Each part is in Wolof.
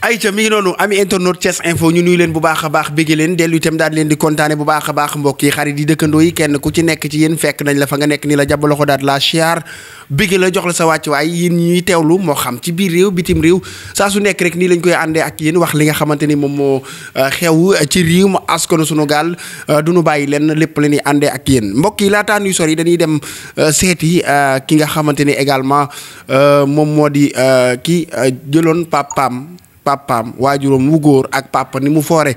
ay mi ngi noonu ami internet Thiès Info ñu nuyu leen bu baax a baax bégg leen dellu itam daal leen di kontaane bu baax a baax mbokk yi xarit yi dëkkandoo yi kenn ku ci nekk ci yéen fekk nañ la fa nga nekk ni la jàpp loxo daal la siyaar bégg la jox la sa wàccuwaay yéen ñuy teew lu moo xam ci biir réew bitim réew saa su nekk rek nii lañ koy àndee ak yéen wax li nga xamante ni moom moo euh, xew euh, ci réew mu askanu sunu gaal euh, du nu bàyyi leen lépp la ñuy àndee ak yéen mbokk yi laataa ñuy sori dañuy dem seeti ki nga xamante ni également moom moo di ki jëloon papaam papaam waajuram wu góor ak papa ni mu foore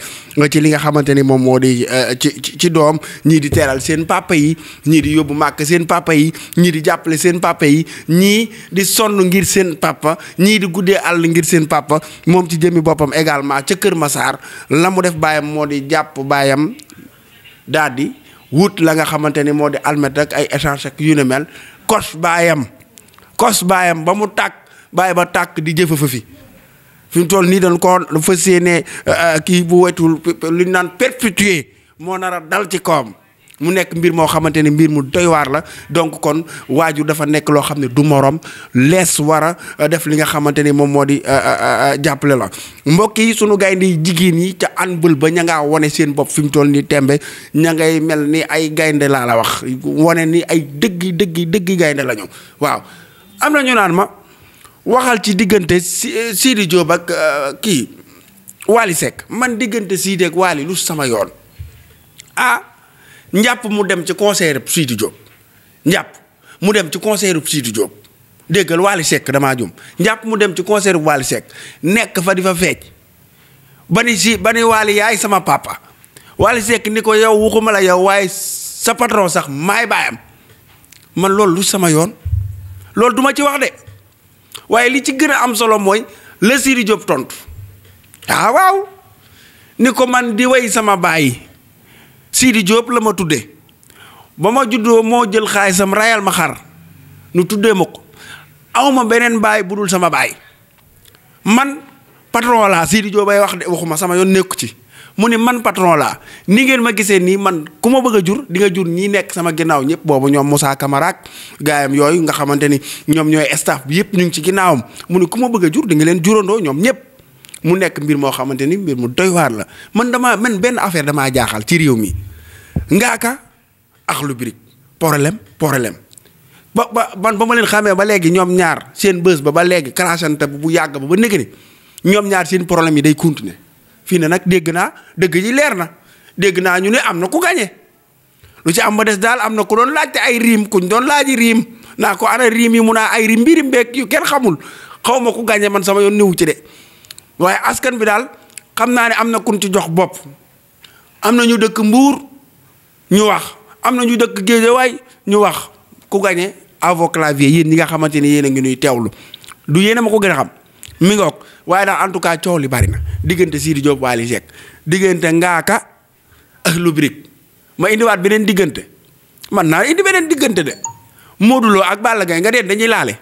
ci li nga xamante ni moom moo di eh, ci ci doom ñii di teral seen papa yi ñii di yóbbu màkk seen papa yi ñii di jàppale seen papa yi ñii di sonn ngir seen papa ñii di guddee àll ngir seen papa moom ci jëmmi boppam également ca Kër Massar la mu def baayam moo di jàpp baayam daal wut la nga xamante ni moo di almet ak ay échange ak yu ne mel kos baayam kos baayam ba mu tàkk baay ba tàkk di jëfa fa fi mu toll nii dañ ko dafa séenee euh, kii bu wetul lu ñu naan perpétuer moo nar a dal ci kawam mu nekk mbir moo xamante ne mbir mu doy la donc kon waajur dafa nekk loo xam ne du moroom lees war a euh, def li nga xamante ni moom moo di euh, jàppale la mbokk yi sunu gaynde jigéen yi ca anbël ba ña ngaa wane seen bopp fi mu toll nii tembe ña ngay mel ni ay gaynde laa la wax wane ni ay dëgg dëgg dëgg gaynde la waaw am na ñu naan ma. waxal ci diggante eh, Sidi Diop ak eh, kii Waly sekk man diggante Sidi ak Waly lu sama yoon ah njàpp mu dem ci concert Sidi Diop njàpp mu dem ci concert Sidi déggal Waly Seck damaa jum njàpp mu dem ci concert Waly Seck nekk fa di fa feej ba ni si ba ni Waly yaay sama papa Waly Seck ni ko yow waxuma la yow waaye sa patron sax may baayam man loolu lu sama yoon loolu duma ci wax de waaye li ci gën a am solo mooy la Siri Diop tontu ah waaw ni ko man di woy sama baay Siri Diop la ma tuddee ba ma juddoo moo jël xaalisam reyal ma xar nu tuddee ma ko awma beneen baay bu dul sama baay man patron laa Siri Diop wax de waxuma sama yoon nekku ci mu ni man patron laa ni ngeen ma gisee nii man ku ma bëgg a jur di nga jur ñii nekk sama ginnaaw ñëpp boobu ñoom Moussa Camara ak gaayam yooyu nga xamante ni ñoom ñooy staff bi yëpp ñu ngi ci ginnaawam mu ni ku ma bëgg a jur di nga leen jurandoo ñoom ñëpp mu nekk mbir moo xamante ni mbir mu doy waar la man damaa man benn affaire damaa jaaxal ci réew mi ngaaka ak lu birig problème problème ba ba man ba ma leen xamee ba léegi ñoom ñaar seen bës ba ba léegi crashante bu yàgg ba ba nekk ni ñoom ñaar seen problème yi day continuer fii ne nag dégg naa dégg ñi leer na dégg naa ñu ne am na ku gañe lu ci am ba des daal am na ku doon laajte ay riim kuñ doon laaji riim naa ko ana riim yi mun naa ay riim mbirim beeg yu kenn xamul xawma ma ku gañe man sama yoon niwu ci de waaye askan bi daal xam naa ne am na kun ci jox bopp am na ñu dëkk mbuur ñu wax am na ñu dëkk géejawaay ñu wax ku gañe à vos ñi nga xamante ni yéen a ngi nuy teewlu du yéen a ma ko gën a xam mi ngoog waaye daal en tout cas coow li bari na diggante Sidi Diop Wally Seck diggante Ngaaka ak ma indiwaat beneen diggante man naa indi beneen diggante de Modou Lo ak Balla Gaye nga dee dañuy laale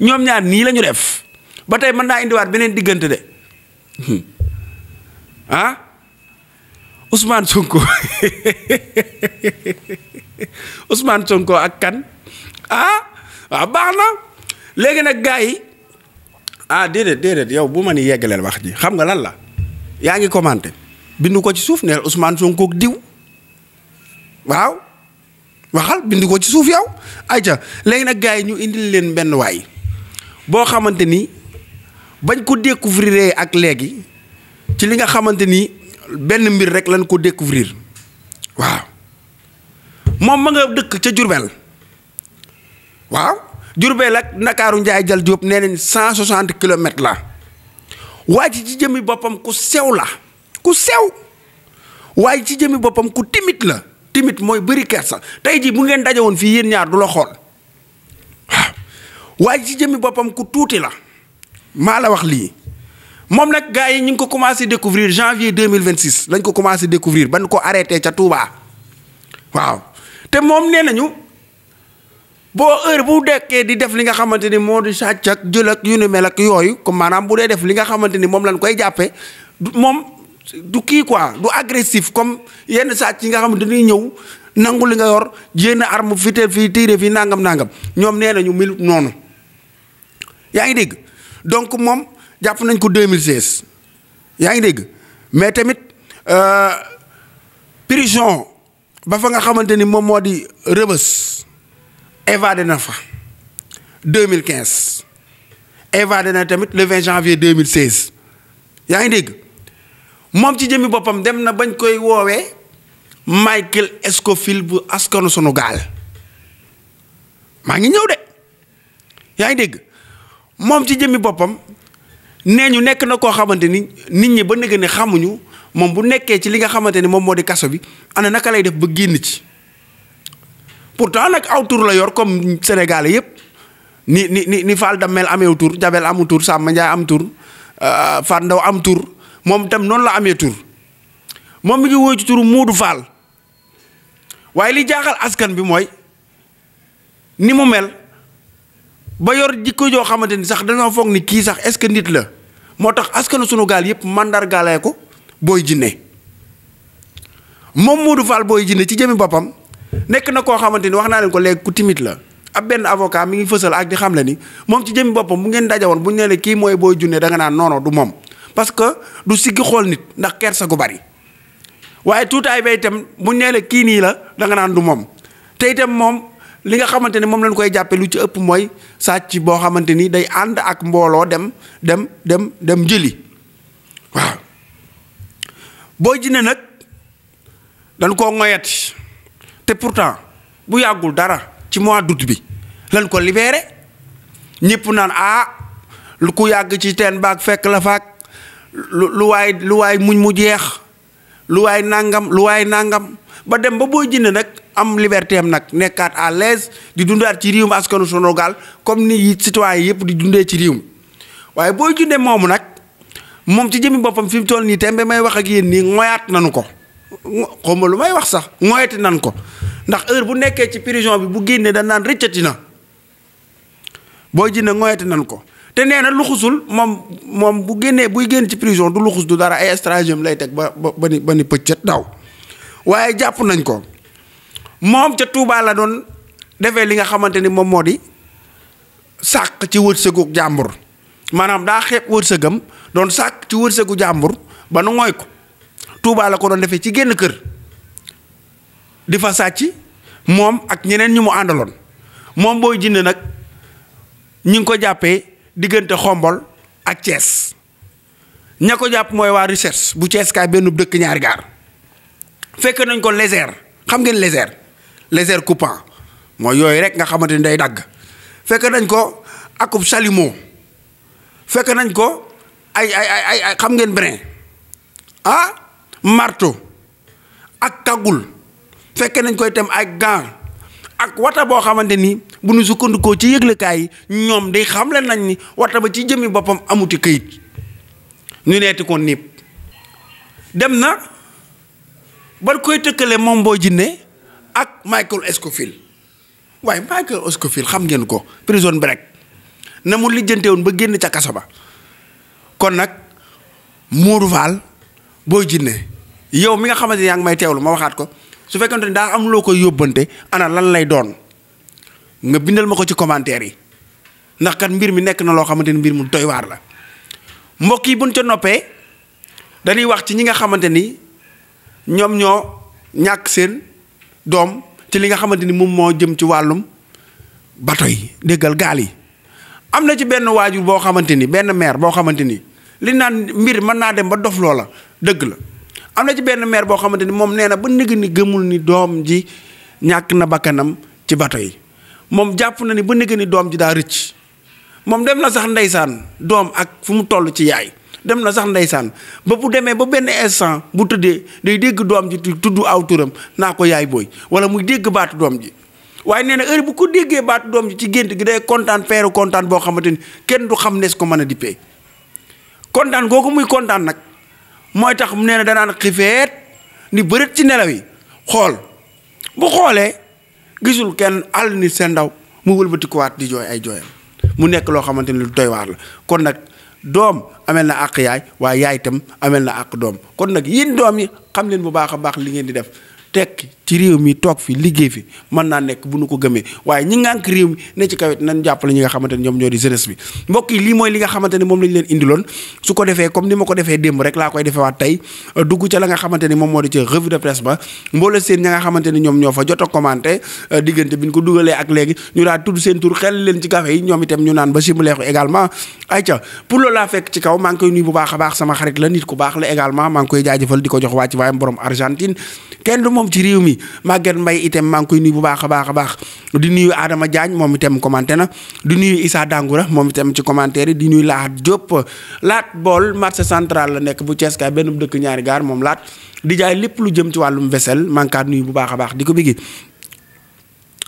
ñoom ñaar nii lañu def ba tey mën naa indiwaat beneen diggante de hmm. ah Ousmane Sonko Ousmane Sonko ak kan ah waaw ah, baax na léegi nag gaa yi ah déedéet déedéet yow bu man ni yeggaleel wax ji xam nga lan la yaa ngi commenté bindu ko ci suuf neel Ousmane Sonko diw waaw waxal bindu ko ci suuf yow ayca léegi nag gaa yi ñu indi leen benn waay boo xamante ni bañ ko découvrir ak léegi ci li nga xamante ni benn mbir rek lañ ko découvrir waaw moom ma nga dëkk ca Jurbel waaw Diourbel ak Ndakaaru Njaay Jal Diop nee nañ cent soixante kilomètres la waa ji ci jëmmi boppam ku sew la ku sew waaye ci jëmi boppam ku timit la timit mooy bëri kersa tey jii bu ngeen daje woon fii yéen ñaar du la xool waaw waaye ci jëmi boppam ku tuuti la maa la wax lii moom nag gars yi ñu ngi ko commencé découvrir janvier 2026 lañ ko commencé découvrir ban ko arrêté ca Touba waaw te moom nee nañu boo heure bu dekkee di def li nga xamante ni moo di sàcc ak jël ak yu ni mel ak yooyu comme maanaam bu dee def li nga xamante moom lañ koy jàppee du moom du kii quoi du agressif comme yenn sàcc yi nga xam ne ñëw nangu li nga yor jénn arme fi fii tiire fii nangam nangam ñoom nee nañu mil noonu yaa ngi dégg donc moom jàpp nañ ko 2016 yaa ngi dégg mais tamit euh, prison ba fa nga xamante ni moom moo di rëbës évadé na fa 2015 évadé na tamit le 20 janvier 2016 yaa ngi dégg moom ci jëmmi boppam dem na bañ koy woowee Michael Escoffield bu askanu sunu gaal maa ngi ñëw de yaa ngi dégg moom ci jëmmi boppam nee ñu nekk na koo xamante ni nit ñi ba nekk ne xamuñu moom bu nekkee ci li nga xamante ni moom moo di kaso bi ana naka lay def ba génn ci. pourtant nag aw tur la yor comme Sénégalais yëpp ni ni ni ni Fall Damel ameew tur Jabel amu tur Samba am tur euh, Fat Ndaw am tur moom itam noonu la amee tur moom mi ngi woy ci turu Moodu Fall waaye li jaaxal askan bi mooy ni mu mel ba yor jikko joo xamante ni sax dañoo foog ni kii sax est-ce que nit la moo tax askanu sunu gaal yëpp mandargaalee ko booy Djiné moom Moodu Fall Boy Djiné ci jëmi boppam. nekk na koo xamante ni wax naa leen ko léegi ku timide la ab benn avocat mi ngi fësal ak di xam le ni moom ci jëmi boppam bu ngeen dajawoon bu ñu nee ne kii mooy booy junne da naan non du moom parce que du siggi xool nit ndax kersa gu bari waaye tuutaay ba bu ñu kii nii la da nga naan du moom te itam moom li nga xamante ni moom lañ koy jàppee lu ci ëpp mooy sàcc boo xamante ni day ànd ak mbooloo dem dem dem dem jëli waaw booy junne nag dañ koo ngoyati te pourtant bu yàggul dara ci mois d'août bi lañ ko libéré ñëpp naan ah lu ku yàgg ci teen baag fekk la faak lu lu waay lu waay muñ mu jeex lu waay nangam lu waay nangam ba dem ba booy Djiné nag am liberté am nag nekkaat à l'aise di dundaat ci réewum askanu Sénégal comme ni citoyen yëpp di dundee ci réewum waaye Boy Djiné moomu nag moom ci jëmi boppam fi mu toll nii tembe may wax ak yéen nii ngoyaat nanu ko xaw ma lu may wax sax moyeti nan ko ndax heure bu nekkee ci prison bi bu génnee dañ naan rëccati na boo jinne moyeti nan ko te nee na luxusul moom moom bu génnee buy génn ci prison du luxus du dara ay stratagème lay teg ba ba ba ni ba ni pëccët daw waaye jàpp nañ ko moom ca Touba la doon defee li nga xamante ni moom moo di sàq ci wërsëgu jàmbur maanaam daa xeeb wërsëgam doon sàq ci wërsëgu jàmbur ba nu ngooy ko Touba la ko doon defee ci génn kër di fa sàcc moom ak ñeneen ñi mu àndaloon moom booy jinne nag ñi ngi ko jàppee diggante xombol ak Thiès ña ko jàpp mooy waa recherche bu Thiès kaay benn dëkk ñaari gaar fekk nañ ko lézère xam ngeen lézère lézère coupant mooy yooyu rek nga xamante ni day dagg fekk nañ ko akub chalumeau fekk nañ ko ay ay ay xam ngeen brin ah marto ak kagul fekke nañ koy tem ay gants ak wata boo xamante ni bu ñu sukkandikoo ci yëglekaay yi ñoom day xamle nañ ni wata ba ci jëmmi boppam amuti këyit ñu neeti ko niib dem na ba koy tëkkalee moom boo jinne ak Michael Scofield waaye Michael Scofield xam ngeen ko prison break na mu lijjante woon ba génn ca kaso ba kon nag Modou boo jinne yow mi nga xamante ne yaa ngi may teewlu ma waxaat ko su fekkente ni daa am loo koy yóbbante ana lan lay doon nga bindal ma ko ci commentaire yi ndax kat mbir mi nekk na loo xamante ni mbir mu doy waar la mbokk yi buñ ca noppee dañuy wax ci ñi nga xamante ni ñoom ñoo ñàkk seen doom ci li nga xamante ni moom moo jëm ci wàllum bato yi déggal gaal yi am na ci benn waajur boo xamante ni benn mère boo xamante ni. li naan mbir mën naa dem ba dof loola dëgg la am na ci benn maire boo xamante ni moom nee na ba nëgg ni gëmul ni doom ji ñàkk na bakkanam ci bato yi moom jàpp na ni ba nëgg ni doom ji daa rëcc moom dem na sax ndeysaan doom ak fu mu toll ci yaay dem na sax ndeysaan ba bu demee ba benn instant bu tëddee day dégg doom ji tudd aw turam naa ko yaay booy wala muy dégg baatu doom ji waaye nee na heure bu ko déggee baatu doom ji ci gént gi day kontaan feeru kontaan boo xamante ni kenn du xam nees ko mën a dippee kon kontaan googu muy kontaan nag mooy tax mu nee na danaan xifeet ni bërit ci nelaw yi xool bu xoolee gisul kenn àll ni seen ndaw mu wëlbatikuwaat di jooy ay jooyam mu nekk loo xamante ni lu doy waar la kon nag doom amel na àq yaay waaye yaay itam amel na àq doom kon nag yéen doom yi xam leen bu baax a baax li ngeen di def tekki ci réew mi toog fi liggéey fi mën naa nekk bu nu ko gëmee waaye ñi ngànk réew mi ne ci kawit nañ jàppale ñi nga xamante ne ñoom ñoo di jeunesse bi mbokk yi lii mooy li nga xamante ne moom lañ leen indiloon ko defee comme ni ma ko defee démb rek laa koy defee waat tey euh, dugg ca la nga xamante ni moom moo di ca revue de presse ba mboole seen ñoo fa jot a commenté euh, diggante bi ñu ko dugalee ak léegi ñu daal tudd seen tur xel leen ci café yi ñoom itam ñu naan ba simbaleexu également ayca pour loolu laa fekk ci kaw maa ngi koy nuyu bu baax a baax sama xarit la nit ku baax la également maa ngi koy jaajëfal di ko jox wàcc waayam borom Argentine kenn du moom ci réew mi màgget mbay Mbaye itam maa ngi koy nuyu bu baax a baax a baax di nuyu Adama Diagne moom itam commenté na di nuyu Issa Dangoura moom itam ci commentaire yi di nuyu Laat Diop Laat Bool marché central la nekk bu Thiès kaay benn dëkk ñaari gaar moom Laat di jaay lépp lu jëm ci wàllum vaisselle mankaat nuyu bu baax a baax di ko bëgg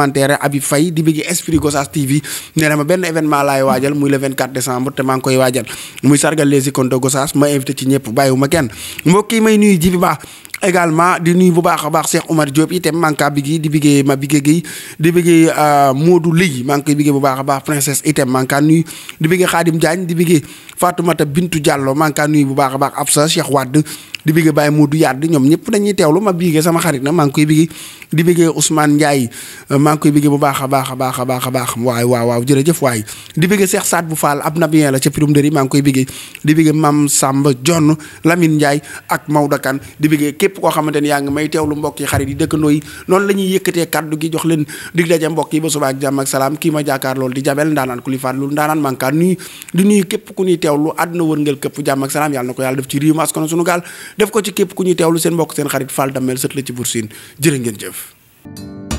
commentaire Habib di bëgg esprit Gossas TV nee benn événement laay waajal muy le 24 décembre te maa koy waajal muy sargal les icônes de ma invité ci ñëpp bàyyiwu ma kenn mbokk may nuyu ji baax également di nuy bu baax a baax Cheikh Omar Diop itam maa ngi kaa di biggee ma biggee Guèye di biggee euh, Modou Leye maa ngi koy biggee bu baax a baax princesse itam maa ngi kaa nuyu di biggee Khadim Diagne di biggee Fatoumata Bintu Diallo maa ngi kaa nuyu bu baax a baax Absa Cheikh Wade di biggee Baye Modou Yade ñoom ñëpp dañuy teewlu ma biggee sama xarit na maa ngi koy biggee di Ndiaye euh, maa ngi bu baax a baax a baax a baax a baax waay waaw waaw jërëjëf waay di biggee Cheikh Saad bu Fall ab nabien la ca pirum dëri maa ngi koy biggee di biggee Mame Samba John Lamine Ndiaye ak Maodo Kane képp koo xamante ni yaa ngi may teewlu mbokk yi xarit yi dëkkandoo yi noonu la yëkkatee kaddu gi jox leen dig daje ba suba ak jàmm ak salaam kii ma jaakaar loolu di jabel ndaanaan ku li faat loolu ndaanaan mankaan nuyu di nuyu képp ku ñuy teewlu àdduna wërngël képp jàmm ak salaam yàlla na ko yàlla def ci réew mi sunu gaal def ko ci képp ku ñuy teewlu seen mbokk seen xarit Fall Damel sët ci Bour Sine ngeen jëf